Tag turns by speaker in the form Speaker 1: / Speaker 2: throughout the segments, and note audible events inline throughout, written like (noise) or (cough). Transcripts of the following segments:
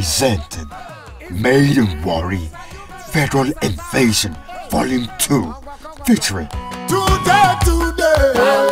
Speaker 1: presented Maiden Worry Federal Invasion Volume 2 featuring Today, today.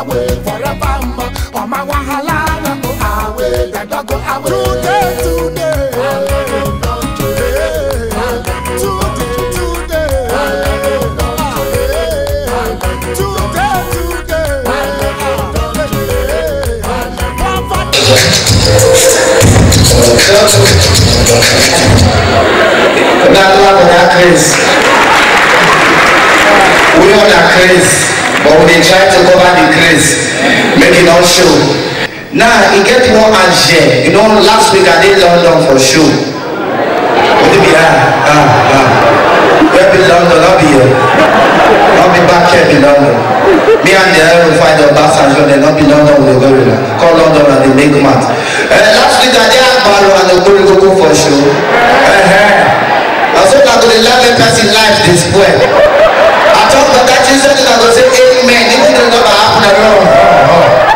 Speaker 1: away forevermore. All my wahala no go away, they don't go away. Today, today.
Speaker 2: Now, love that is.
Speaker 3: We want a craze, but we dey try to cover the craze, make
Speaker 4: e no show. Now e get one agent, you know last week I dey London for show. Only be ah ah ah. Where be London? No be here. No be back here be London. Me and the Aero find the Obasanjo, they no be London we dey go with Call London and they make mouth. Eh, uh, last
Speaker 5: week I dey Agbaro and
Speaker 4: Ogorikoko for show. Uh -huh. Na so na to dey learn make person life dey spoil. Jesus is going to say amen. Even though it's not going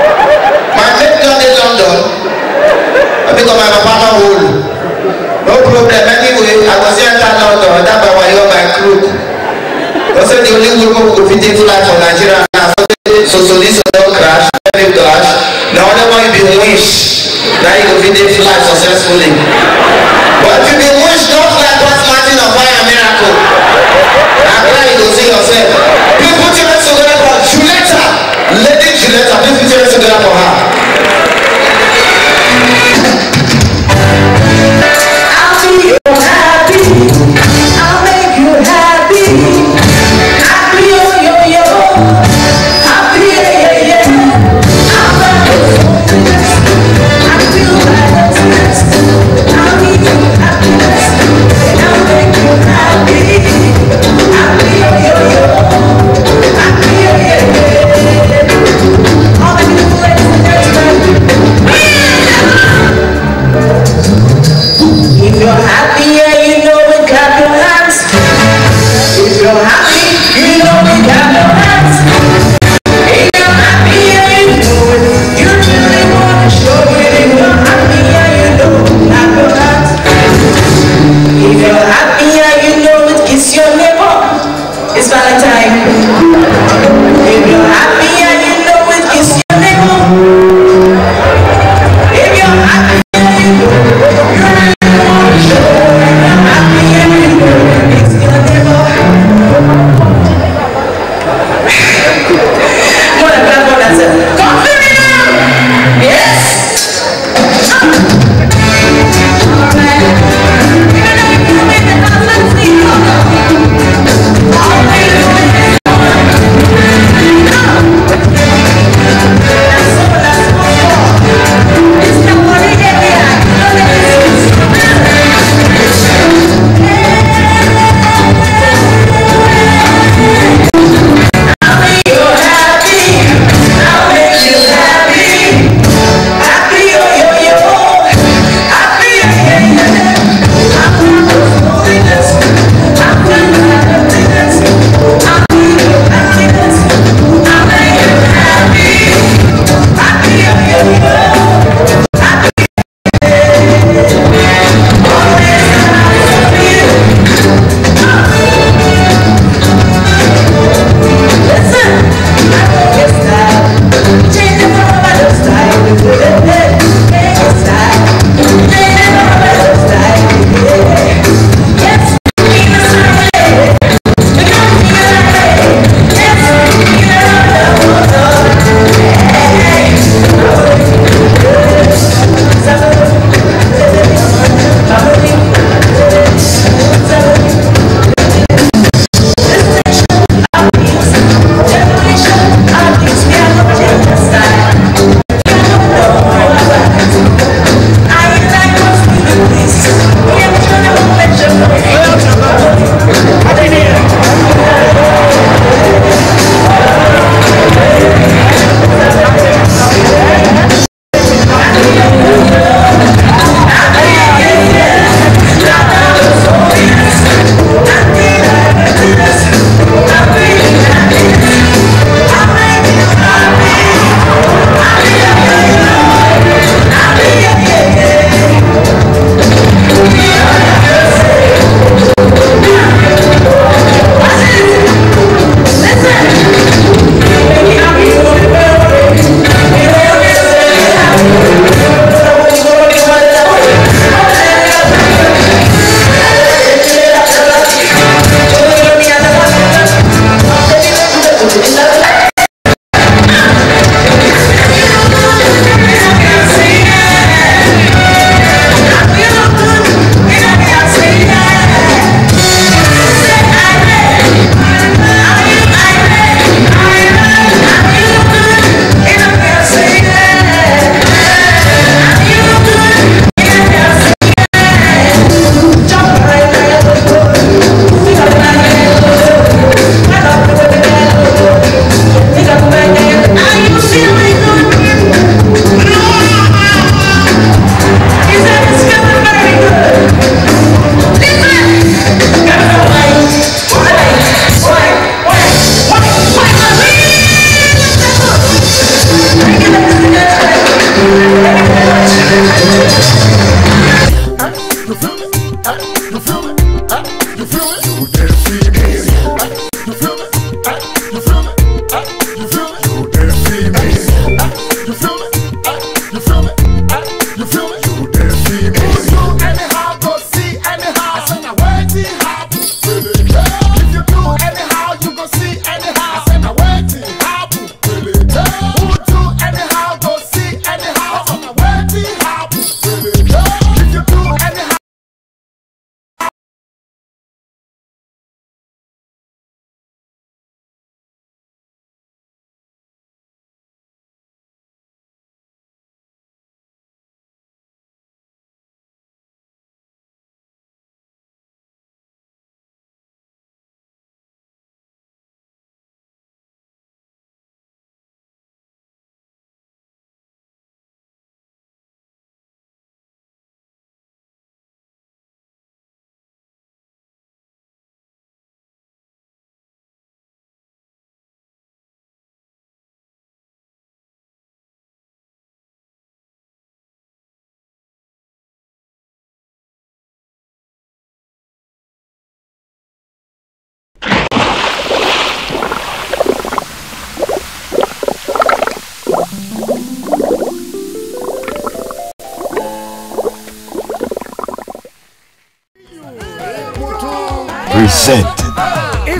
Speaker 1: present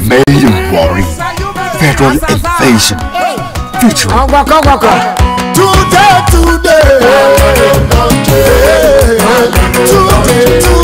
Speaker 1: Million Worry Federal Invasion featuring Today, today, today,
Speaker 2: today.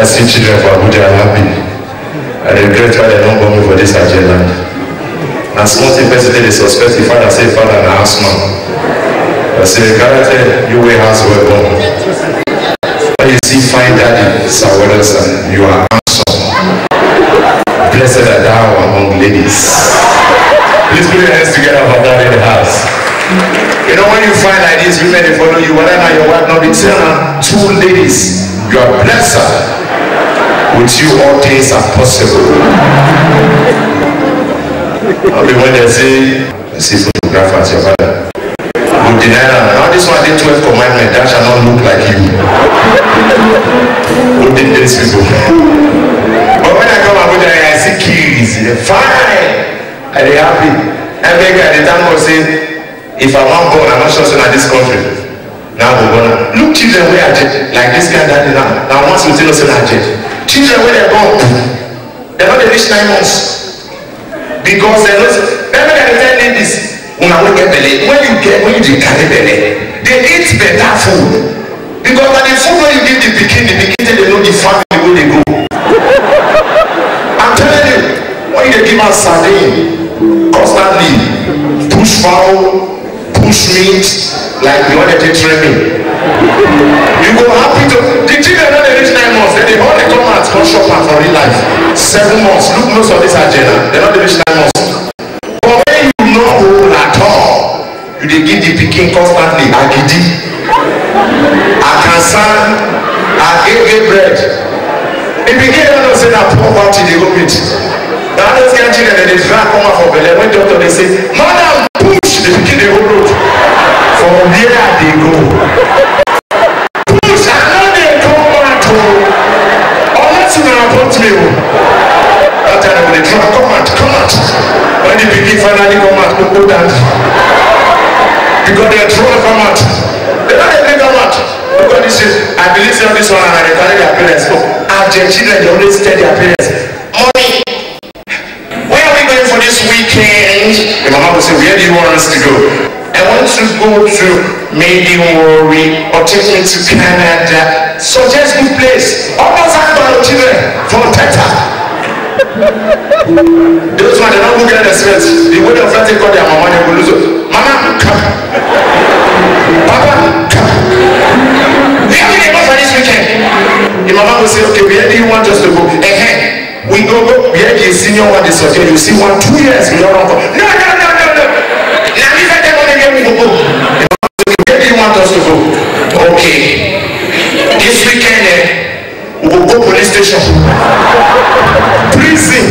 Speaker 3: I see children for Abuja, I'm happy. I regret why they don't born me for this agenda. Na small thing person dey suspect the father say father na house man. I say karate you wey house well born. When you see fine daddy Sawedosa, you are handsome. Blessed are thou among ladies. Please put your hands together for that in the house. You know when you find like this women they follow you whether na your wife no be tell two ladies You are blessed. With you, all things are possible. I mean, when they say, they see photographers, your father. You deny that. Now, this one, the 12th commandment, that shall not look like him. Who did this people? But when I come Abuja, I see kids. Fine. I they happy. Every guy, at the time, say, if I want born, I'm not sure so in this country. Now we wanna look children where are dead like this guy Daddy, now now once you tell us they are dead children wey dey born dem no dey reach nine months because dem no remember dem dey tell ladies una wey get belle when you get when you dey carry belle dey eat better food because na the food wey you give the pikin the pikin take dey know the family wey dey go i'm telling you when you dey give am sardine constantly push fowl push meat like the one that dey train me you go happy to the children no dey reach nine months dem dey all dey come out come chop for real life seven months look most of this agenda, dem no dey reach nine months but when you not old at all you they give the picking constantly I I can agidi akansa agege bread the pikin don know say that poor party dey go meet na all those kind children dem drag come out for belle when doctor they say madam push the picking. dey hold on
Speaker 2: where they go. Push and now they come back to unless you are about me. That time when
Speaker 3: they try come out, come out. When the baby finally come out, go do that, Because they are to come out. They don't even come out. Because this is, I believe some of this one are regarding their parents. Oh, as their children, they always tell their parents, Mommy, where are we going for this weekend? my mama will say, where do you want us to go? I want to go to maybe Warri or take me to Canada. Suggest so me place. Others have my children for Teta. Those ones are not good at respect. The way the friends call their mama, they will lose it. Mama, come. Papa, come. We have been able this weekend. The mama will say, okay, where do you want us to go? Eh, eh. We go, go. Where do the senior one this okay, you see one, two years, we don't go. No, no. station prison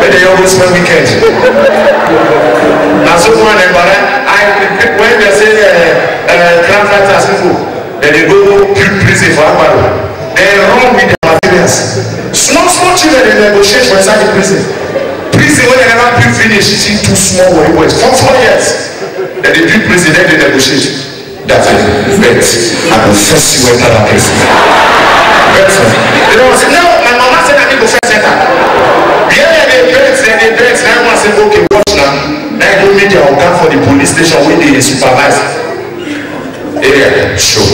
Speaker 3: wey dey always make me catch na so far dem bari i when dem say eh, eh, grand fighters pipo dem dey go build prison for agbaro dem run with their materials small small children dey negotiate for inside the prison prison wey dem never build finish still too small for the west for four years dem dey build prison dem dey negotiate that is bet I go first see whether that person bet me. They don say no my mama say na me go first enter. Yeah they bet they dey bet na everyone say okay watch na na I go meet their oga for the police station wey dey supervise area show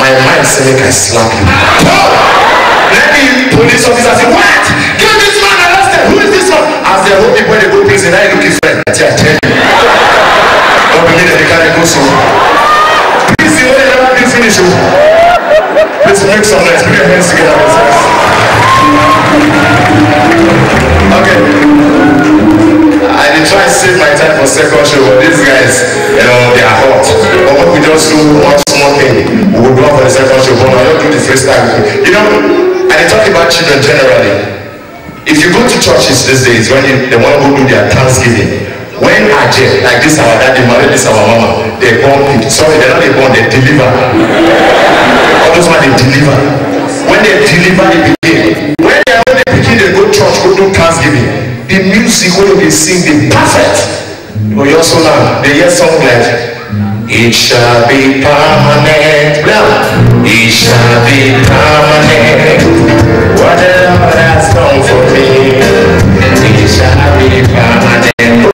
Speaker 3: my mind say make I slap you. Let me police officer say what
Speaker 1: give this man
Speaker 3: arrested who is this one as their own people dey go prison na him look his friend na tear you. I don't the Please, finish. Let's make some Okay. I did try to save my time for second show, but these guys, you know, they are hot. But what we just do one small thing, we will go for the second show, but I do do the first time. You know, I did talk about children generally. If you go to churches these days, when you, they want to go do their Thanksgiving, when aje like this our daddy married this our mama they born people sorry they not dey born they deliver all those man they deliver when they deliver the begin. when are own pikin dey go church go do thanksgiving the music wey dey sing the perfect for your soul now dey hear song like it shall be permanent well it shall be permanent whatever that song for me it shall be permanent.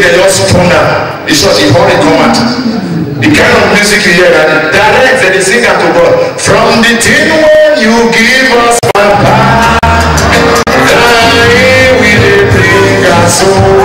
Speaker 3: begin to thunder. It's just a holy command. The kind of music you hear that directs the singer to God. From the tin when you give us, path, Papa,
Speaker 2: we will bring us home.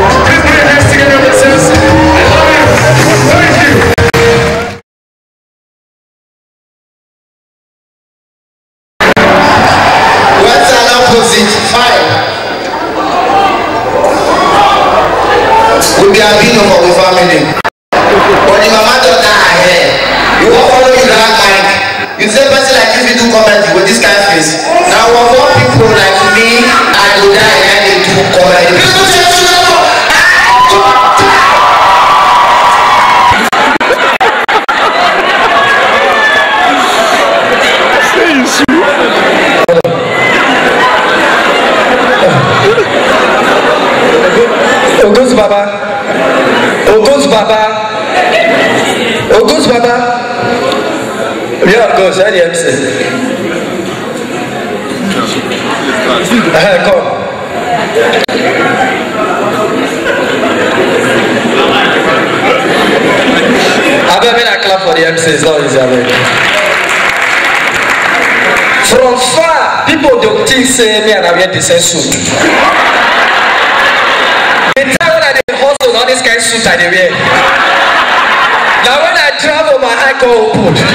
Speaker 4: gold post.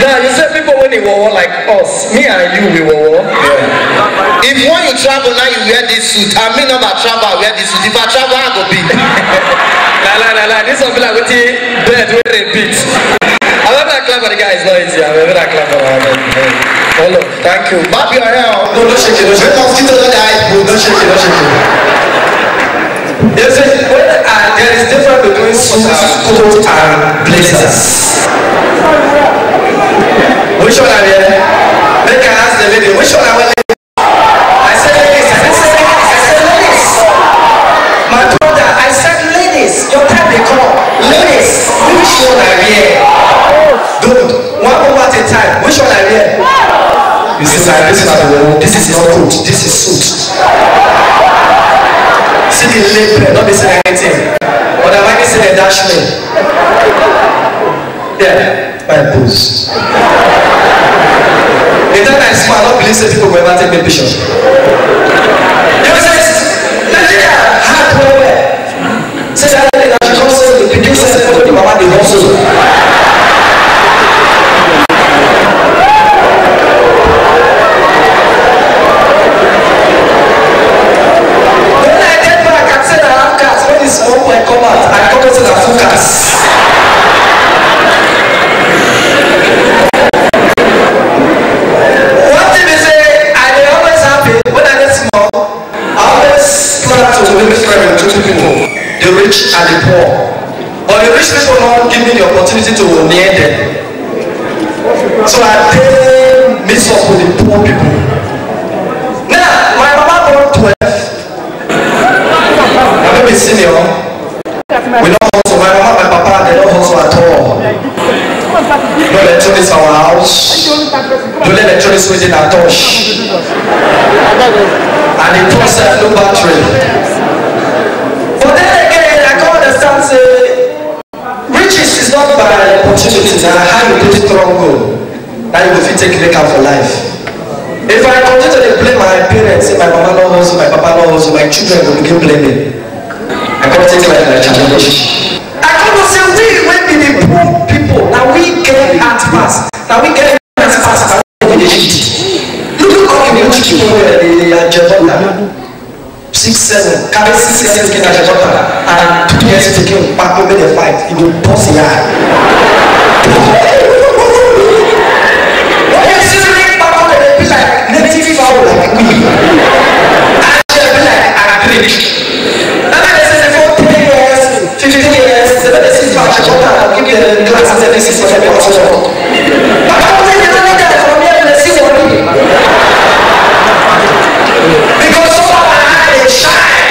Speaker 4: yeah, you say people when they war like us, me and you we war. Yeah. If when you travel now you wear this suit, I mean not I travel, I wear this suit. If I travel, I go big. (laughs) la la la la, this one be like with bed where they beat. I love that clap for the guy, it's not easy. I love that clap for Hold on, oh, thank you. Bob, you are here. No, don't shake it, don't shake it. No, don't shake it, don't shake it. They say when are, there is difference between shoes, and blazers. Which one are there? They can ask the lady, which one are we? I said ladies. I said ladies. I said ladies. My brother, I said ladies. Your time they call. Ladies, which one are here? Dude, one over at a time. Which one are here?
Speaker 3: You see, this is not
Speaker 4: coat. This is suit chicken lay bread no be say anything but na why say dem dash me there my booze. the time i smile i no believe say people go ever take me picture you know say nigeria hard well well say that lady na she come said. the pikin say follow the mama dey hustle.
Speaker 2: within our touch. and
Speaker 4: he puts a new battery. But then again, I can't understand say, riches is not by opportunities and how you put it wrong goal oh? that you go fit take make am for life. If I continue to blame my parents say my mama no hustle, my papa no hustle, my children will begin blaming. I come take it like challenge. six seven carry six years together as a daughter and two years together pack over the fight e go burst your eye.
Speaker 2: Onye siri pack over the be like native fowl like me and she be like agric. Nana
Speaker 4: dey say for ten years fifteen years seven years six months as a daughter and give you classes every six
Speaker 2: months every hospital. Papa wey dey tell me that from here to see worry. Because so far. shine.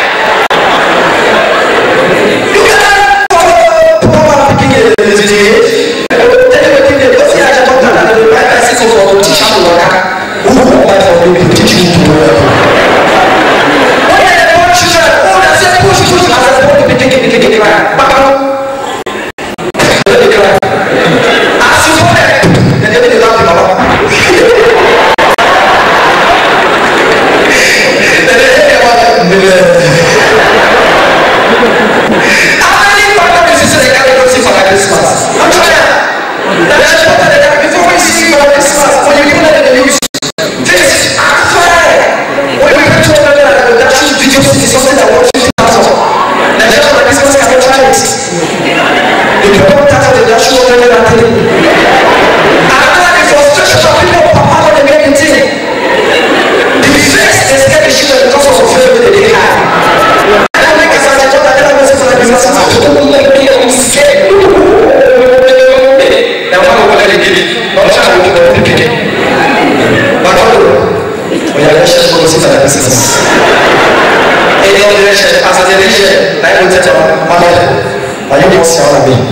Speaker 4: yourself again.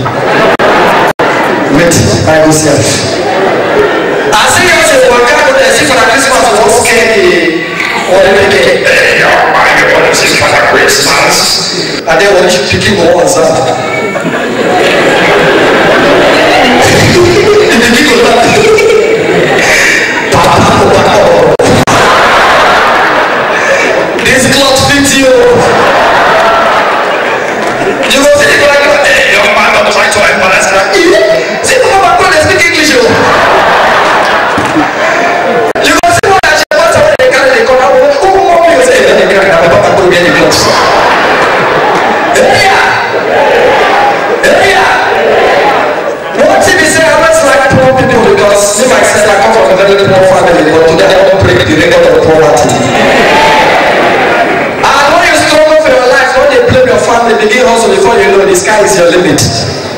Speaker 4: Make it by yourself. wouldn't get any votes.
Speaker 2: yeah. Yeah.
Speaker 4: One thing is, I always like poor people because me say I come from a very poor family, but today I don't break the record of poverty.
Speaker 1: and when you struggle
Speaker 4: for your life, when they blame your family, begin also before you know the sky is your limit.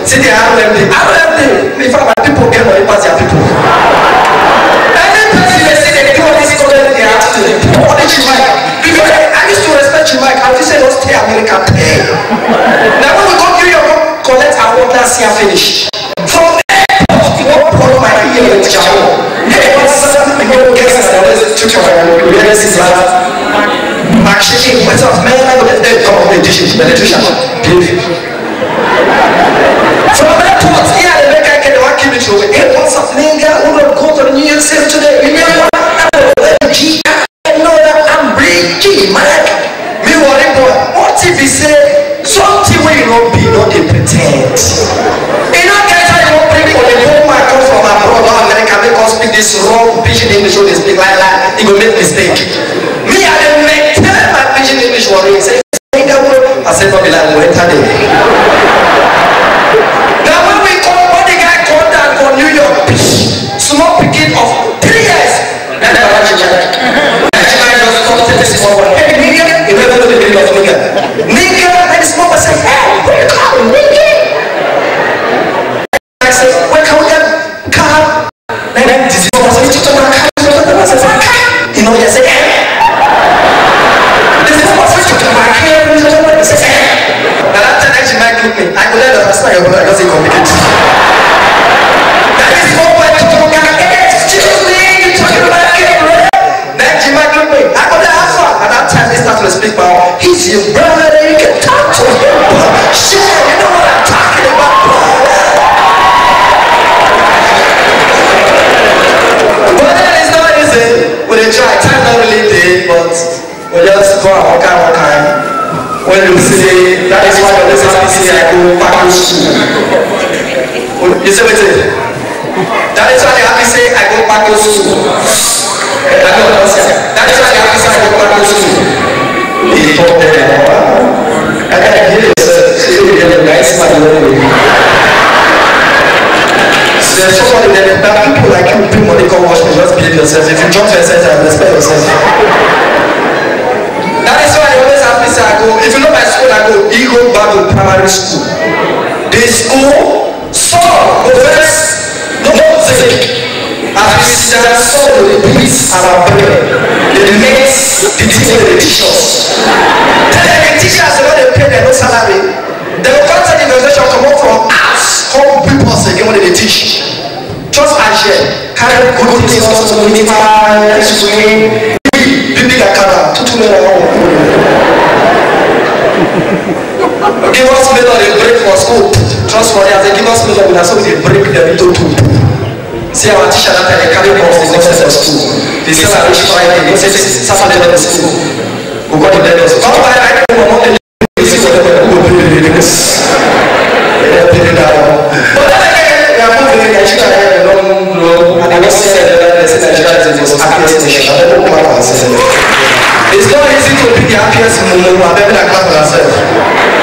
Speaker 4: See the RMD, RMD, in fact, people get my pass their people.
Speaker 2: Any person they say,
Speaker 4: America pay. now when we come New York, collect our water, see our finish. From airport, you won't follow my ear with Jaho. Machining, what's up, man? I'm going to take all the dishes, but the dishes are From airport, yeah, the American can walk you to airport of Ninga, who don't go to the New York City today. Remember, I'm a GI, I know that I'm breaking my cannot be not dey pre ten d. e no get pray. you wan bring oyinbo man come from abroad or america make us speak this wrong Pigeon english wey dey speak like that e go make mistake. me i dey maintain my pidgin english warrior say say e dey work as if no be like we enter there. hear yourself. Guys, my So there's somebody that, that people like you, pay money come watch me, just behave yourself. If you jump to yourself, I respect yourself. that is why I always have say, I go, if you know my school, I go, Ego Bible Primary School. This school saw profess music as Christian soul, peace, and our prayer they make the teaching of the teachers tell them the teachers wey dey pay dem no salary dem go come tell the organization comot from house come build us again when dem dey teach just as yet carry good things come to meet my swing big big akara tutu naira one give us million dey break for school trust money as dem give us million na so we dey break dem into two. See our teacher that they carry box, they don't sell us school. They sell our rich fry, they don't sell us them school. We got the devils. But why I don't know what they do, see what they do, they do this. They don't pay that one. But then again, we are moving in Nigeria, we don't know, and they don't sell the devils in Nigeria, they just happiest nation. I don't know what I'm
Speaker 2: saying. It's not easy to be the happiest in the world, I don't know what I'm saying.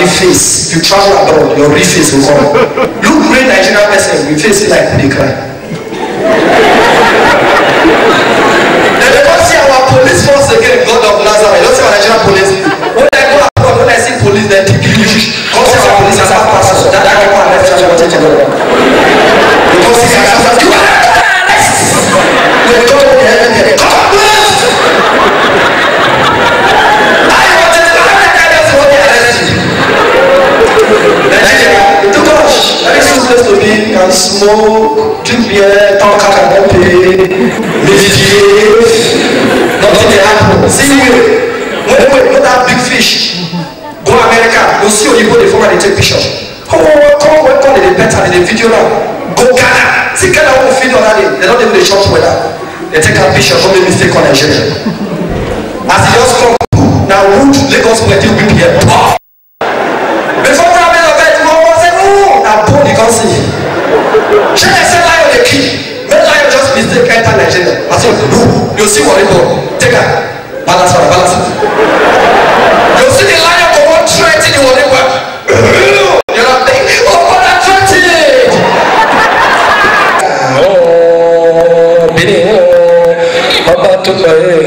Speaker 4: reface if you travel abroad your reface go come look great nigerian person your face like we dey cry. so dubiɛ tɔn kaka bɛ pee medzidie nothing dey happen see whale wey wey wey that big fish go america go see oyibo dey form and dey take picture come come come come dey dey pet am video am go ghana see ghana wey fit don dey dey don dey dey chop weather dey take am picture come make mistake on nigeria as e just come na wood lagos plenty whip here. ṣé ẹ ṣe láyọ̀ lè kí make lion just mistake enter nigeria as in who you see worry ball take am balance am balance am you see the lion go wan try till the worry ball you know think oh god i try till.
Speaker 3: bìnní ọba tó lọ yẹ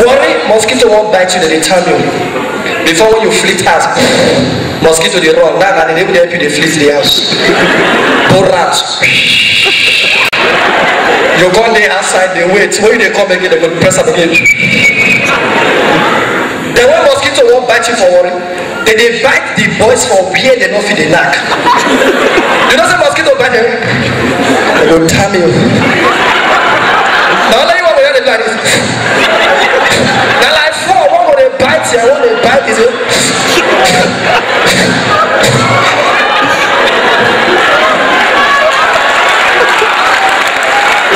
Speaker 4: wọ́n rí mosquito wan bite you dey dey tell you before when you flit house mosquito dey run That na the neighbor dey help you dey flit the house Poor rat you go dey outside dey wait when you dey come again dem go press am again then when mosquito wan bite you for worry dem dey bite the boys for where dem no fit dey knack you know say mosquito bite dem dem go tam you na only one way dem do like this
Speaker 2: bite here when they bite is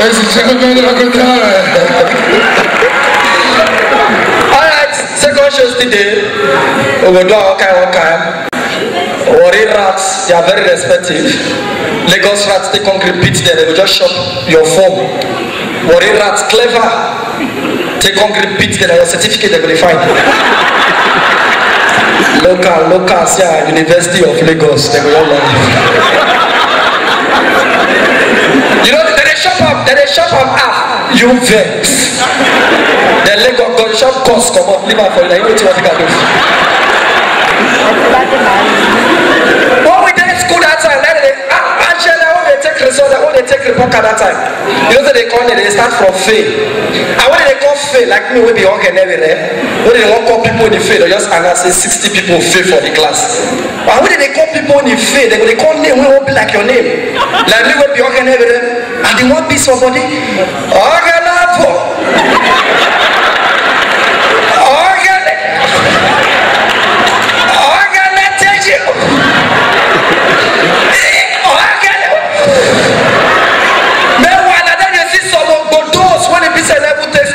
Speaker 2: Ladies and gentlemen, Uncle Alright,
Speaker 4: second show today. We will do our kind of kind. Worry rats, they are very respective. Lagos rats, take concrete beat them, they will just chop your form. Worry rats, clever. Cei concret piți de la certificate de verified. local, local, sea, University of Lagos, they will all learn. you know, they shop up, they shop up, ah, you vex. the Lagos gun shop cost come up, leave out for you, you know what you can do. Christians that when they take report card that time, you know what they call it? They start from fail. And when they call fail, like me, we be all can everywhere. When they won't call people in the fail, they just announce say sixty people fail for the class. But when they call people in the fail, they, they call name, we won't be like your name. Like me, we be all can everywhere. And they won't be somebody.
Speaker 2: Okay, now,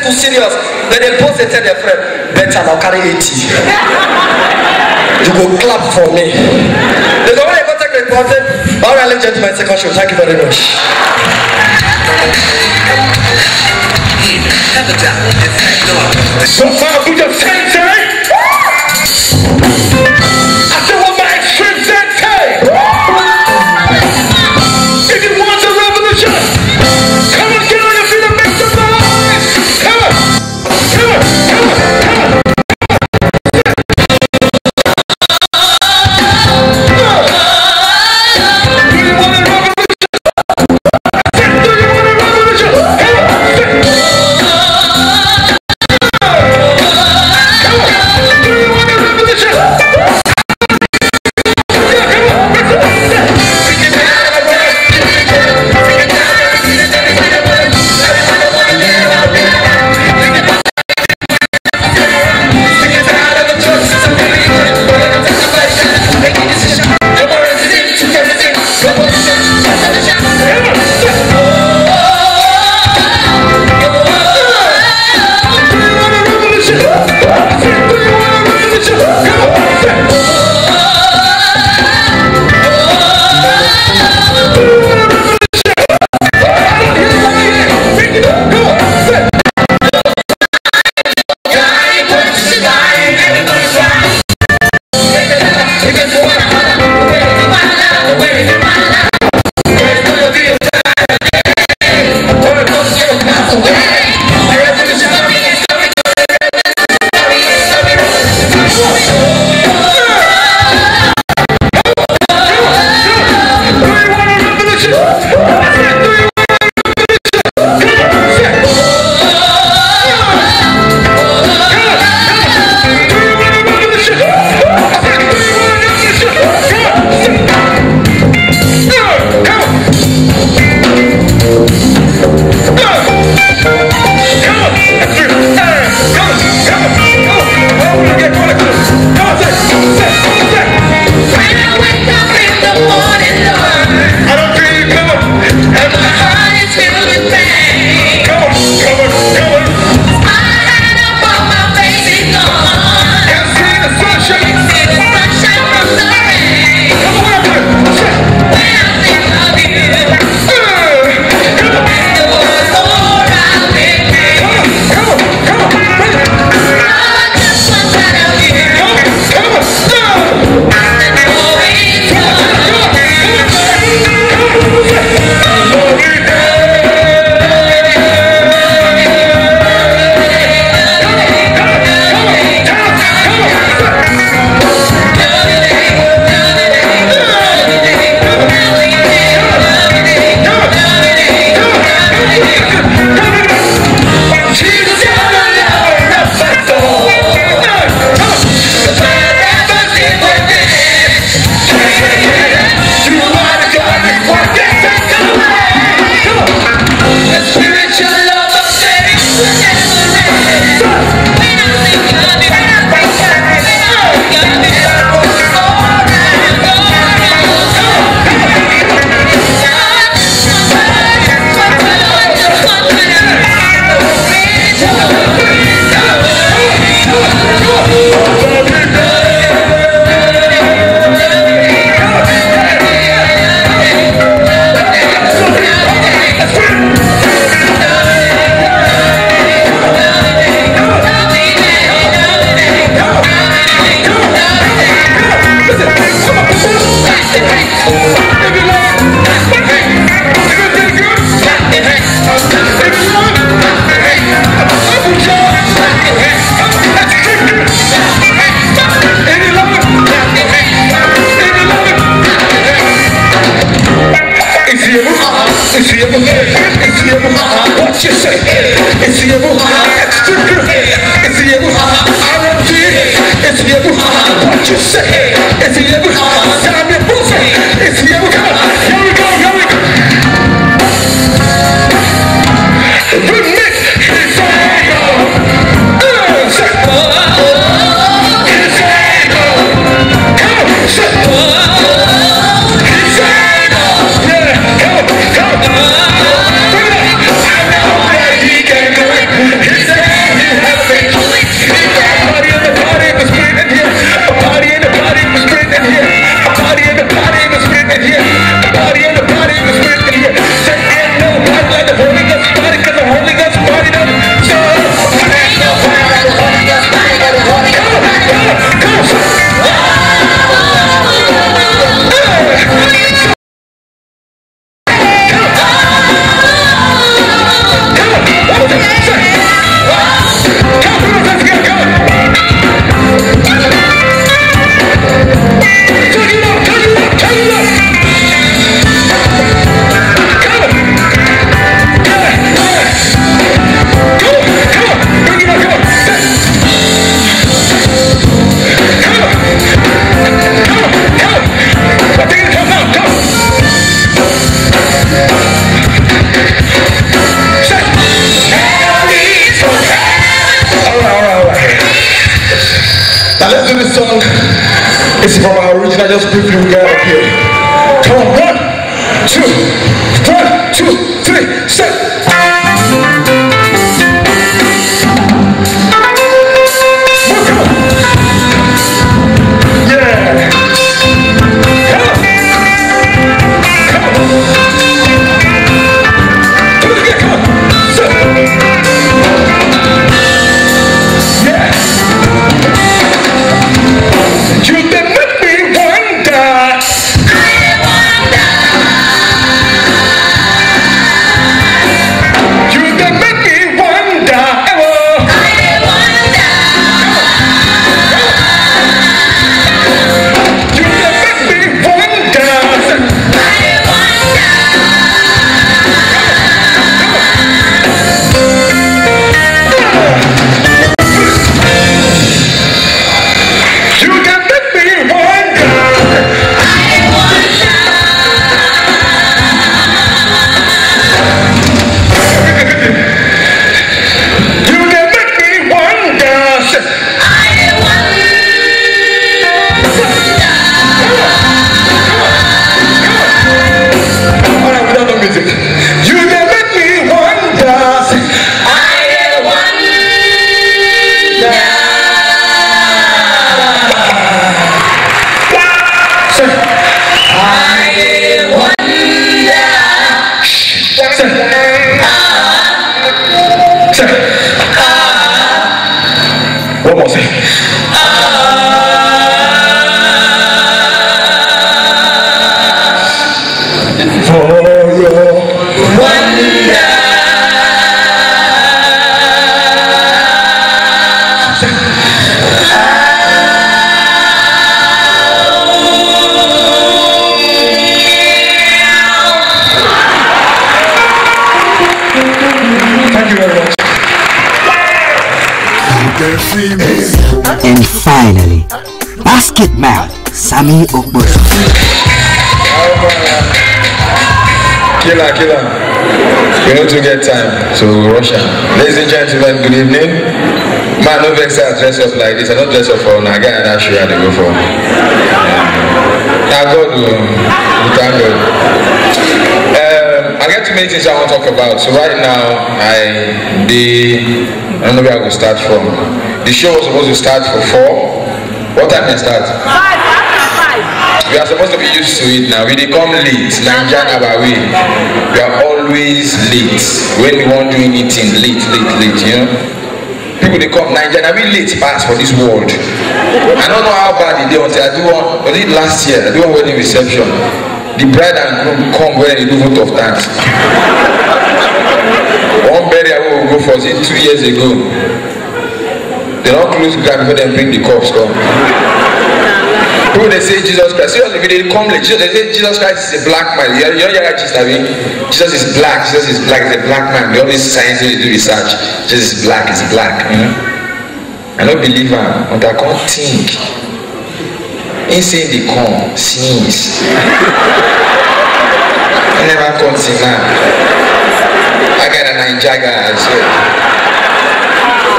Speaker 4: too serious then they post they tell their friend better now carry eighty you go clap for me they go when they go take the report all right ladies and gentlemen, my second show thank you very much.
Speaker 2: So far, we just same eh? time. say if he ever cómo se
Speaker 1: Finally, basket basketman Sammy Okbor.
Speaker 5: Killer, killer. We need to get time, so rush on. Ladies and gentlemen, good evening. Man, no vex I dress up like this. I don't dress up for now. and got an shoe I go for. Thank God. Thank God. Um, I got to many things I want to talk about. So right now, I the I don't know where I will start from. The show was supposed to start for four. What time is that? Five, after five. We are supposed to be used to it now. We dey come late. Naija na our We are always late. When we wan do anything, late, late, late, you know. People dey come Naija na we late pass for this world. I no know how bad e dey until I do one was it last year I do one wedding reception. The bride and groom come when they do vote of thanks. (laughs) one burial wey we go for it two years ago. They don't close the ground before they bring the corpse come. People they say Jesus Christ. Seriously, if they come like Jesus, they say Jesus Christ is a black man. You know, you know Jesus, I Jesus is black. Jesus is black. He's a black man. They always science they do research. Jesus is black. He's black. You hmm? know. I don't believe him, but I can't think. He say they come since. I never come since now. I got a Niger guy. well.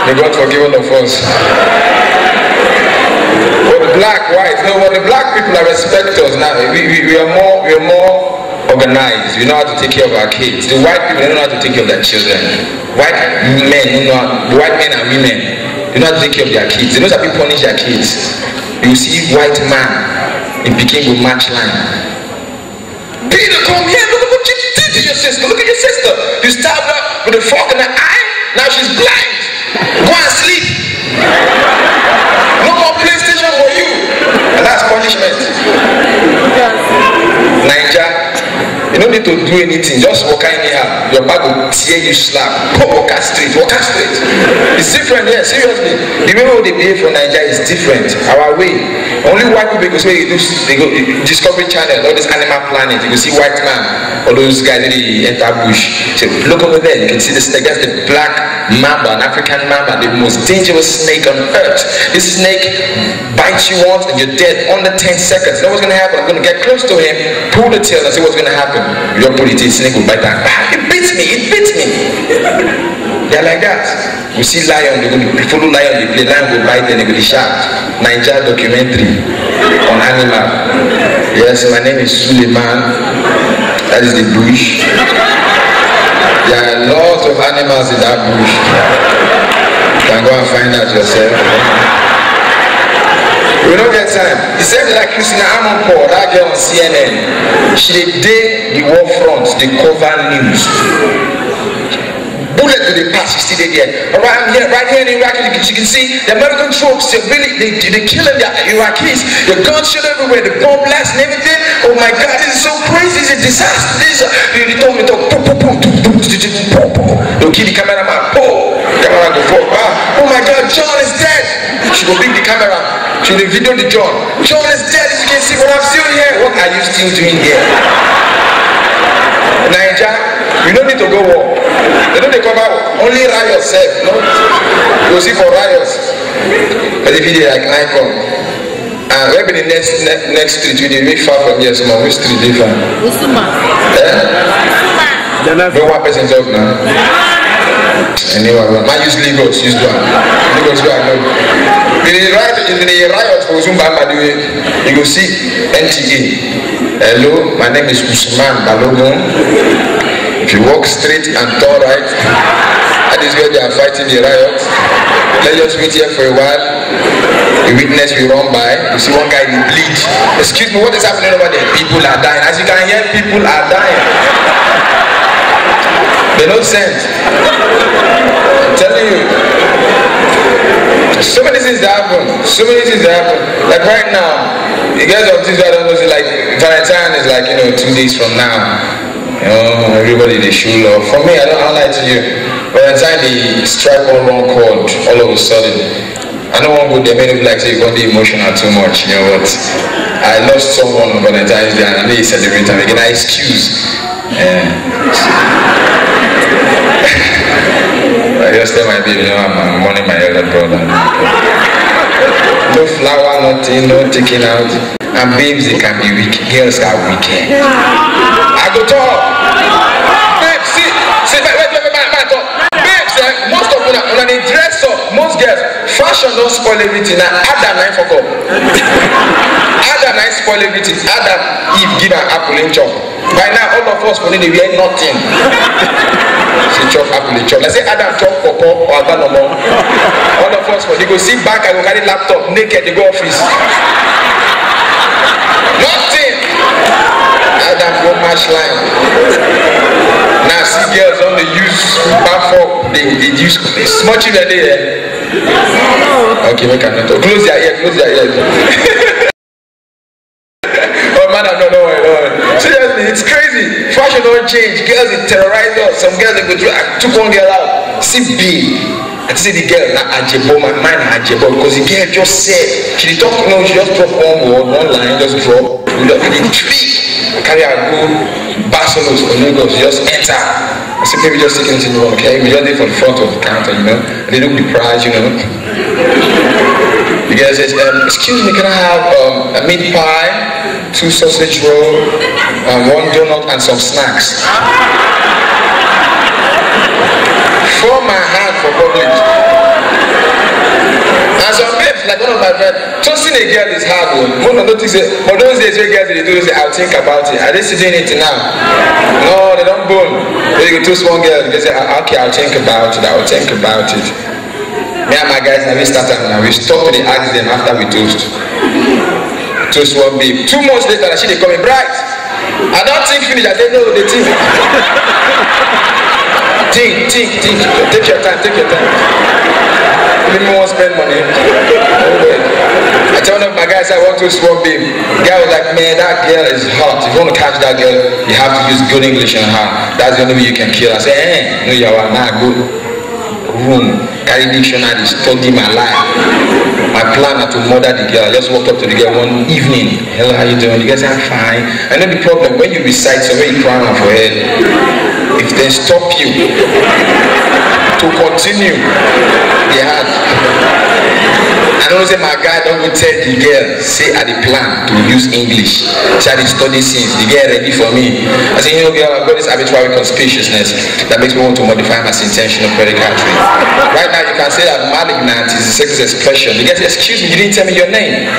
Speaker 5: May God forgiven of us. For the black, white, no, But the black people are respect us now, we, we, we are more, we are more organized. We know how to take care of our kids. The white people don't know how to take care of their children. White men, you know, the white men and women, they know how to take care of their kids. They know that people punish their kids. You see white man it became a match line.
Speaker 1: Peter, come here. Look at what you did to your sister. Look at your sister. You stabbed her with a
Speaker 5: fork in the eye. Now she's blind. Go and sleep. No more PlayStation for you. And that's punishment. Naija, you no need to do anything. Just walk anyhow. Your bag will tear you slap. Go walk straight. Walk straight. It's different here. Yeah, seriously, the way we dey behave for Naija is different. Our way. Only white people go say you do Discovery Channel, all this Animal Planet. You go see white man, all those guys that they enter bush. Say, look over there. You can see the That's the black mamba, an African mamba, the most dangerous snake on earth. This snake bites you once and you're dead under 10 seconds. You know what's going to happen? I'm going to get close to him, pull the tail, and see what's going to happen. Your pretty snake will bite down. Ah, it
Speaker 4: bit me, it bit me.
Speaker 5: (laughs) They're like that. We see lion, they going to follow lion, they play lion, will bite and they will be sharp. Niger documentary on animal. Yes, my name is Suleiman. That is the bush. There are of animals in that bush. You can go and find out yourself. we don't get time. The same like Christina Amanpour, that girl on CNN. She dey the war front, the cover news. bullet to the past. You see they there. Right here, right here in Iraq, you can see the American troops, they're really, they, they're killing the Iraqis. The guns shot everywhere, the bomb blasts and everything. Oh my God, this is so crazy. It's a disaster. This is a, they told me, to, boom, boom, boom, boom, boom, boom, boom. They'll kill the cameraman. Oh, camera go for, ah. oh my God, John is dead. She will bring the camera. to the video the John. John is dead, as you can see, but I'm still here. What are you still doing here? Niger, you don't need to go war. They don't they cover
Speaker 3: only riot self, eh? no? You see for riot.
Speaker 5: But if you like icon. And ah, where be the next ne next street you dey make far from here small which street dey far? Usuma. Yeah? No one person talk now. Anyway, man use Lagos, use one. Lagos go and know. We the riot, in the riot for Uzumba, by the you go see NTA. Hello, my name is Usman Balogun. If you walk straight and turn right, that is where they are fighting the riot. Let us wait here for a while. The witness will run by. You see one guy in bleach. Excuse me, what is happening over there? People are dying. As you can hear, people are dying. They're not sent. I'm telling you. So many things that happen. So many things that happen. Like right now, you guys of this, I don't know, like Valentine is like, you know, two days from now. You oh, know, everybody they show love. For me, I don't I'll lie to you. By the time they strike one wrong chord, all of a sudden, I don't want to go there. Many people like say you got the emotional too much. You know what? I lost someone on Valentine's Day and I know you celebrate time again. I excuse. Yeah. (laughs) I just tell my baby, you know, I'm, mourning my elder brother. No flower, nothing, no taking out. and babes they can be weak girls are weak here i go talk babe see see wait wait wait wait wait talk babes eh most of una una dey dress up most girls fashion don spoil everything na adam na him fok up (laughs) adam na him spoil everything adam eve give am apple him chop by now all of us for dey wear nothing (laughs) She chop apple dey chop like say adam chop pawpaw or agbanumo all of us for dey go see bank i go carry laptop naked dey go office nothing other from match line na see girls don dey use up. dey dey use small children dey there okay make i no talk close their ear close their ear (laughs) oh madam no no no seriously it's crazy fashion don change girls it terrorize us some girls they go through i took one girl out see B. I see the girl na ajebo my mind na ajebo because the girl just said she dey talk you know she just drop one word one line just drop we just dey trick carry her go Barcelona or lagos just enter i say baby just take anything the room, okay we just dey for the front of the counter you know and they look the you know the girl says um, excuse me can i have um, a meat pie two sausage roll um, one donut and some snacks. throw my heart for public. and some babes like one of my friends trusting a girl is hard one of those think say for those days wey girls dey do say i think about it are they still doing it now no they don bone they go trust one girl they say ah, okay i think about it i think about it me and my guys na we start am na we stop to dey ask them after we toast toast one babe two months later na she dey come in bright i don think finish i say no dey think. Think, think, think. Take your time, take your time. Even me want not spend money. I tell one of my guys I want to swap babe. Guy was like, man, that girl is hot. If you want to catch that girl, you have to use good English on her. That's the only way you can kill her. I say, eh, no, you are not good. Room, carry dictionary, study my life. My plan is to murder the girl. I just walked up to the girl one evening. Hello, how you doing? You guys are fine. I know the problem, when you recite so when you crown her forehead. If they stop you to continue the hard i don say my guy don go tell the girl say i dey plan to use english say i dey study since the girl ready for me i say you know girl i got this habitual conspicuousness that makes me want to modify my intentional credit card rate right now you can say that malignant is a sex expression You get? excuse me you didn't tell me your name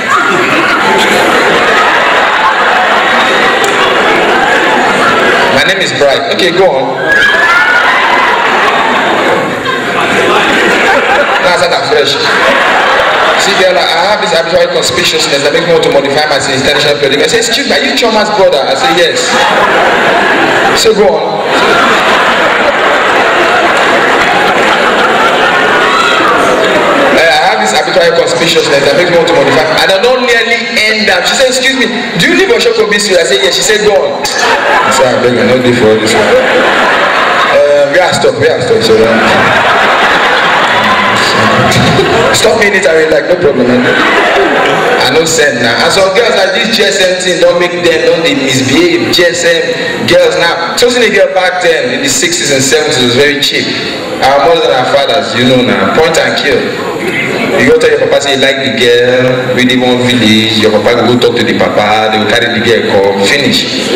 Speaker 5: name is Bright. Okay, go on. That's that I'm fresh. See, they're like, I have this arbitrary conspicuousness that makes me want to modify my intentional building. I say, Chief, are you Choma's brother? I say, yes. So go on. capital conspicuousness that makes me want to modify. And I don't nearly end up. She said, Excuse me, do you live on Shokobi Street? I said, Yes. She said, Go on. I (laughs) said, I beg you, not live for all this one. Uh, we to stop. we have to stop. So, um, (laughs) stop me in it. I mean, like, no problem. Man i know, send now. and some girls like this gsm thing don make them, don't dey misbehave gsm girls now choosing a girl back then in the sixties and seventies was very cheap our mothers and our fathers you know now. point and kill you go tell your papa say you like the girl we dey one village your papa go talk to the papa they will carry the girl call finish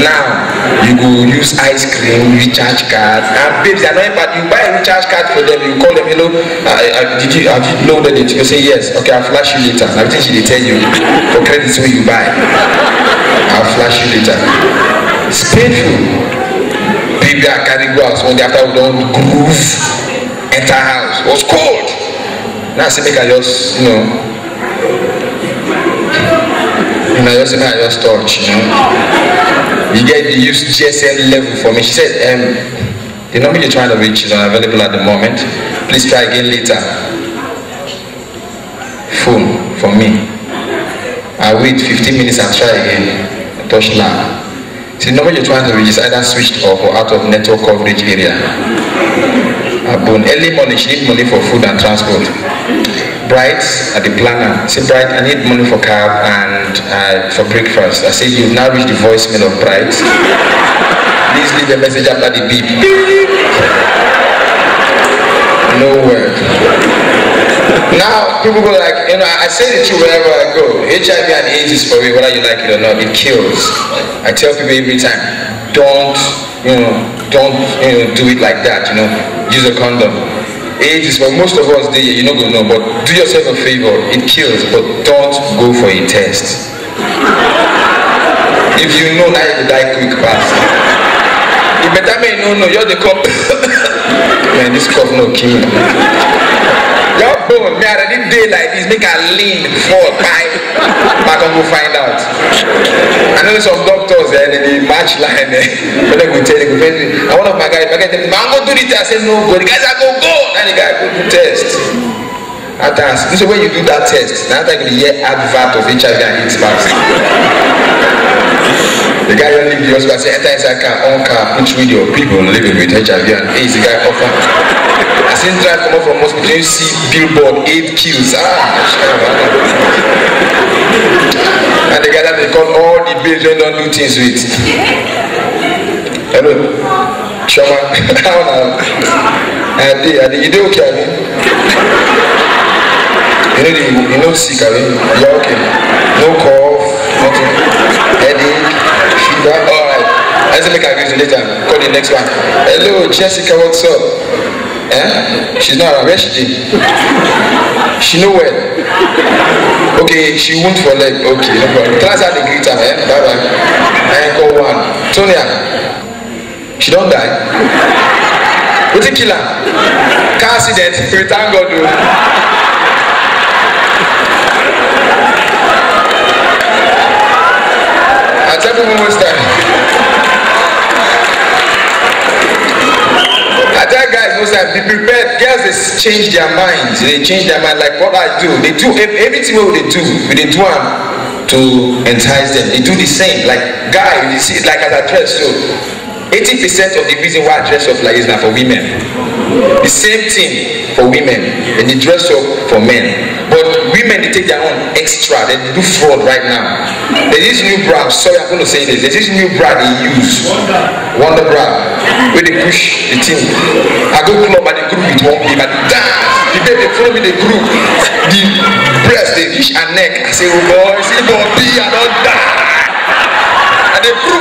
Speaker 5: now you go use ice cream recharge card and babes are not bad you buy a recharge card for them you call them hello uh, uh, did you have ah, you know loaded it you go say yes okay i flash you later na wetin she dey tell you (laughs) for credit wey you buy i flash you later it's painful Baby i carry go house one day after we don groove enter house it was cold na say make i just you know una just say make just touch you know. You get the use GSM level for me. She said, um, the number you're trying to reach is unavailable at the moment. Please try again later. Phone for me. I wait 15 minutes and try again. I touch now. See, the number you're trying to reach is either switched off or out of network coverage area. Abon. (laughs) Early morning, she need money for food and transport. Bright, at the planner, I said, Bright, I need money for cab and uh, for breakfast. I said, you've now reached the voicemail of Bright. (laughs) Please leave a message after the beep. (laughs) no word. Now, people go like, you know, I say the truth wherever I go. HIV and AIDS is for me, whether you like it or not. It kills. I tell people every time, don't, you know, don't you know, do it like that, you know. Use a condom. age is for most of us dey you no go know but do yourself a favor. it kills but don't go for a test if you know now you go die quick pass You better make no, no You're the cop. (laughs) man this cop no kill me your bone me already day like this make a lean fall kpai ma come go find out i know some doctors eh dey dey match line eh wey dem go tell you go tell you na one of my guys my guy tell me ma i wan go do the i say no go the guy say i go go when the guy go do test at times so when you do that test na after you dey hear advert of hiv and aids vaccine the guy don leave the hospital say enter inside car on car put video of people living with hiv and aids the guy offer as him drive comot from hospital you see billboard aid kills ah and the guy that dey call all the bills wey don do things with hello chioma (laughs) how na ade ade ide oke ani you know the you know sick abi you no cough nothing headache fever alright let's make a greet later call the next one hello jessica what's up eh she's not around where she dey she no well okay she wound for leg okay no problem tell us how to greet am eh bye bye eh call one tonya she don die. Would you kill Car accident. We thank God. Though. I tell people most time. I tell guys most time, be prepared. Girls they change their minds. They change their mind like what I do. They do everything what they do, we they do them to entice them. They do the same. Like guy, you see, like as I dress so eighty percent of the reason why i dress up like this na for women the same thing for women and the dress up for men but women dey take their own extra dem dey do fraud right now there is new brand sorry i'm gonna say this there is new brand dey use wonder brand wey dey push the thing i go club i dey group with one babe i dey dance the babe dey follow me dey group the breast dey reach her neck i say oh boy see body i don die i dey group.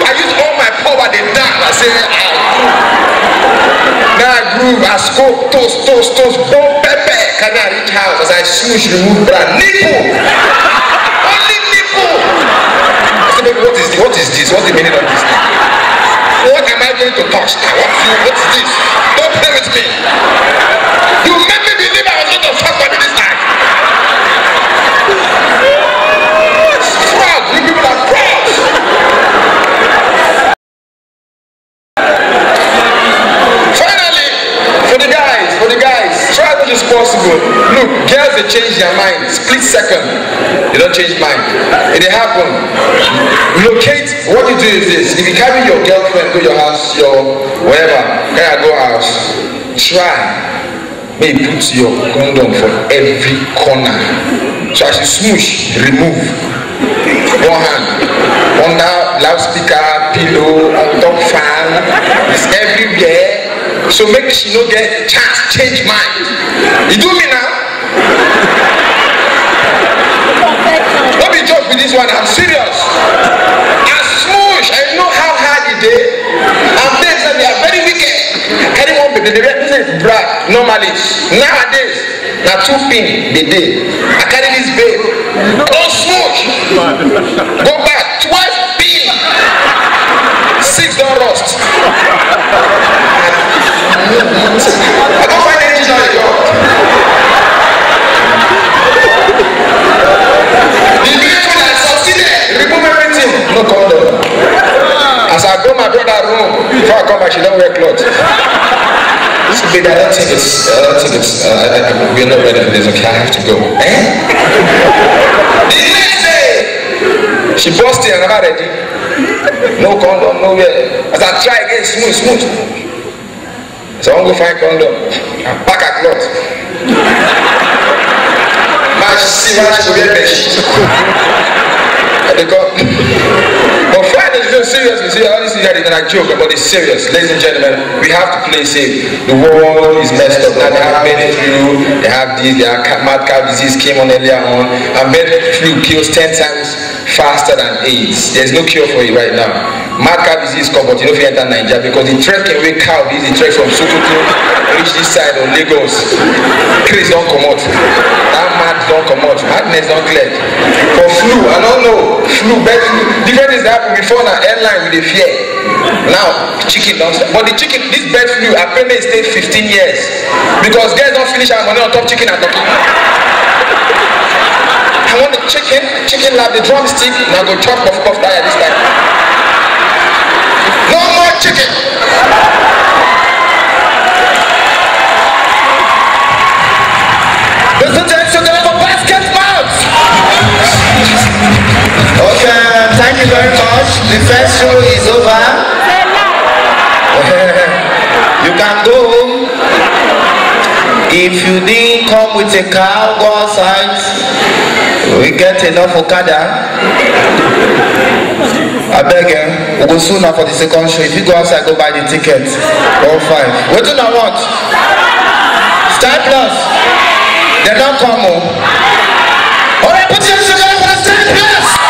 Speaker 5: I say I ah. groove. Now I groove, I scope, toast, toast, toast, boom, pepe. Can I reach house as I smoosh, remove bra, nipple. Only nipple. I said, baby, what is this? What is this? What's the meaning of this
Speaker 2: thing? What am I going to touch now? what is this? Don't play with me. You make
Speaker 5: possible. Look, girls, they change their mind. Split second. They don't change mind. It happen. Locate. What you do is this. If you carry your girlfriend to your house, your wherever, can I go house? Try. May put your condom for every corner. So as you
Speaker 2: smoosh, remove.
Speaker 5: One hand. Under loudspeaker, pillow, on top fan. It's everywhere. so make she no get chance change mind you do me now no be joke with this one i'm serious as smooth i know how hard e dey and things that they are very wicked anyone be dey thing? brag normally nowadays na two pin dey dey i
Speaker 3: carry this
Speaker 2: babe don smooth go back twelve pin six don rust. I don't find any in God.
Speaker 5: the miracle that succeeded remove everything no condom. As I go my brother home before I come back she don wear cloth. This is big. I don't think it's. I uh, not ready for this. Okay, I have to go. Eh?
Speaker 1: the next day, she busted
Speaker 5: and I'm No condom, no As I try again, smooth, smooth. So I'm want go find condom and pack a cloth. Match, see match to get bed sheet. I (laughs) they come seriously, see, all these things that even a joke, but it's serious. Ladies and gentlemen, we have to play safe. The world is messed up. Now they have many flu, they have this, they have mad cow disease came on earlier on. And made flu kills 10 times faster than AIDS. There's no cure for it right now. Mad cow disease come, but you know if you enter Nigeria because the can away cow disease the trek from Sokoto reach this side of Lagos. Chris don't come out. That don comot hardness don clear for flu i no know flu bird flu different things dey happen before na airline we dey fear now chicken don start but the chicken this bird flu i pray make e stay fifteen years because girls don finish her money on top chicken and turkey. I want the chicken, chicken like the drumstick, and I go chop puff puff diet this time.
Speaker 2: No more chicken!
Speaker 3: The first show
Speaker 5: is over. (laughs) you can go home.
Speaker 4: If you didn't come with a car, go outside.
Speaker 5: We get enough Okada. I beg you, we go soon now for the second show. If you go outside, go buy the ticket. All fine. Wetin na what?
Speaker 1: Star Plus. They don't come All right, put your hands on the stand Plus.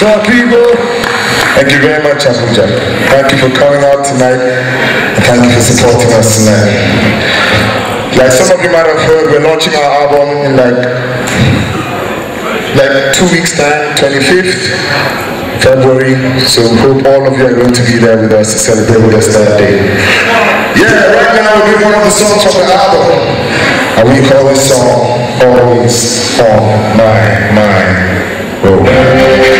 Speaker 3: Top people. Thank you very much, Abuja. Thank you for coming out tonight. And thank you for supporting us tonight. Like some of you might have heard, we're launching our album in like, like two weeks time, 25th. February, so we hope all of you are going to be there with us to celebrate with us that day.
Speaker 1: Yeah, right now we're doing one of the songs from the album,
Speaker 2: and we call this song Always On My Mind. Oh.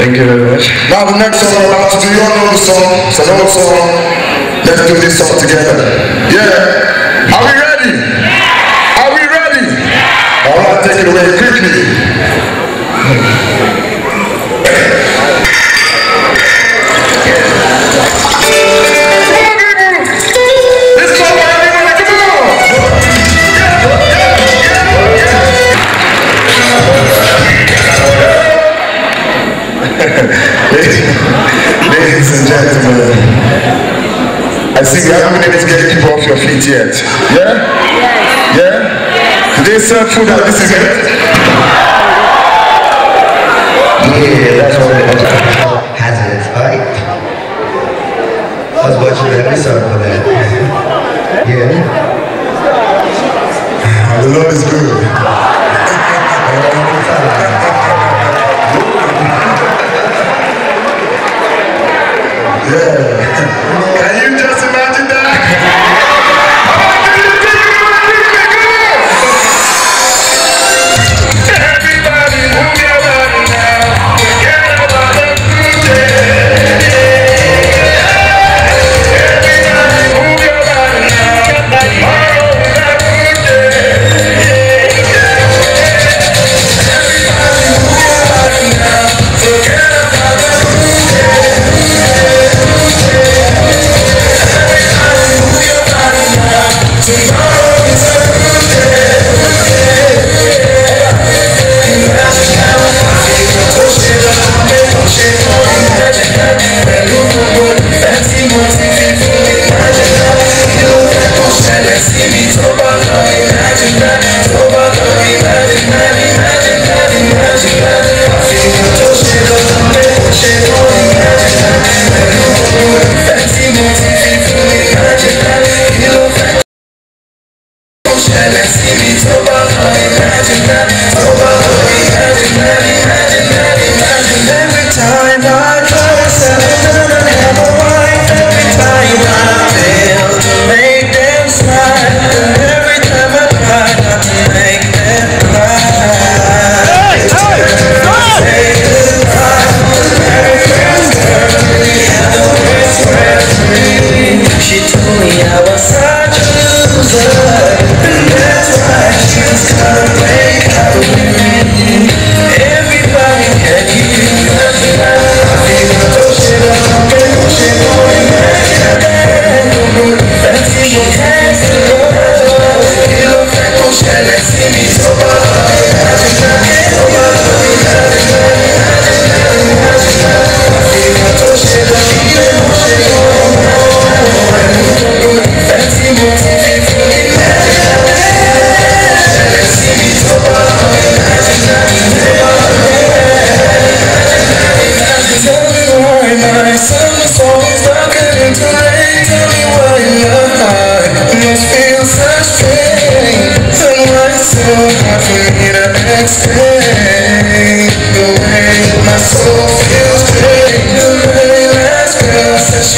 Speaker 2: Thank you very much.
Speaker 1: Now the next song I'm about to do, you all know the song. It's an old song.
Speaker 3: Let's do this song together.
Speaker 2: Yeah. Are we ready? Are we ready? All right, take it away. Quick.
Speaker 3: yourself food at this event? Yeah, that's what the Has it, right?
Speaker 4: I was watching that episode for that. Yeah. The love is good.
Speaker 2: yeah.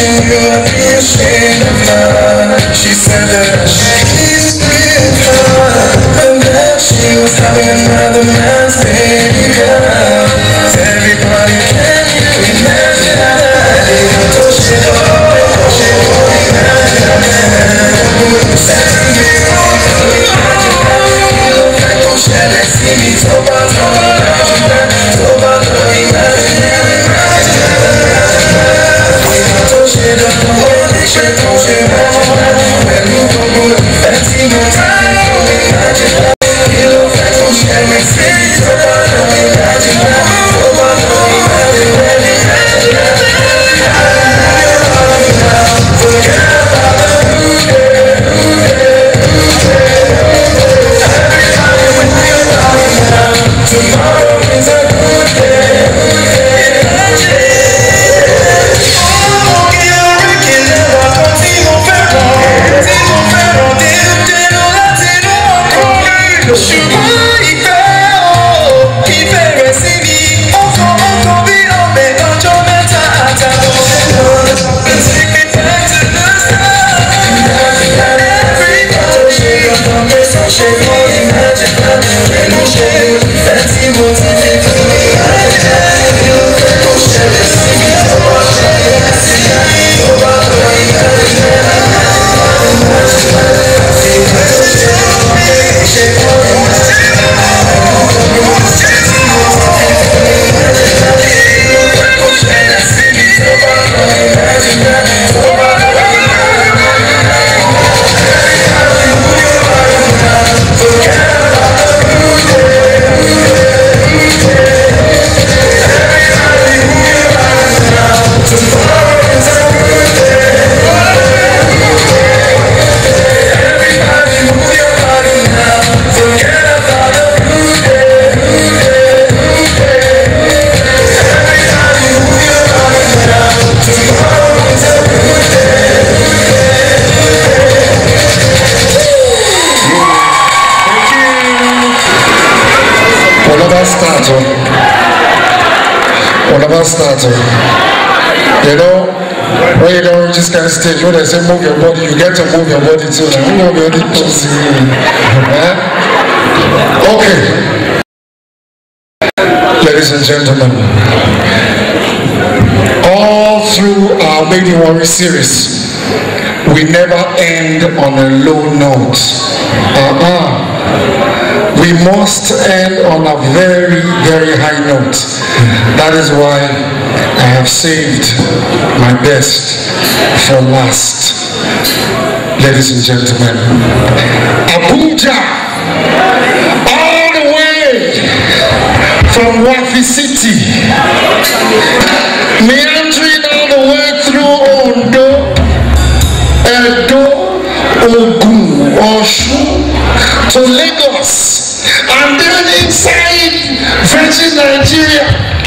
Speaker 2: She She said that she
Speaker 3: say
Speaker 1: move your body, you get to move your body too. Eh? Okay. Ladies and gentlemen, all through our maiden Worry series, we never end on a low note. Uh-uh. We must end on a very, very high note. That is why I have saved my best for last. Ladies and gentlemen, Abuja, all the way from Wafi City, meandering all the way through Ondo, Edo, Ogun, Osun, to Lagos, and then inside Virgin Nigeria.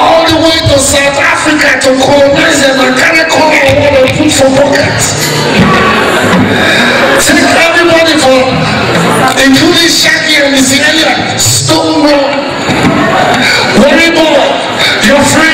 Speaker 1: all the way to South Africa to colonize them and carry come and want to put for pocket. Take everybody for, including Shaggy and his area, stone more. Worry more. Your friend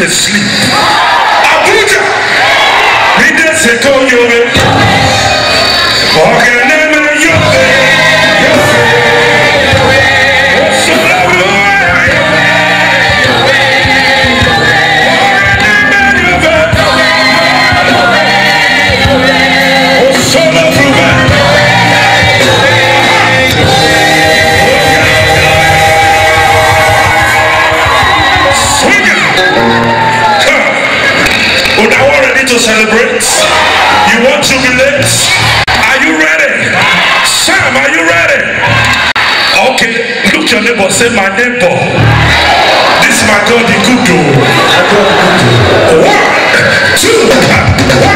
Speaker 2: needed sleep. Abuja needed Sekoyo say my neighbor. This my God, he good do. One, two.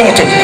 Speaker 2: 对。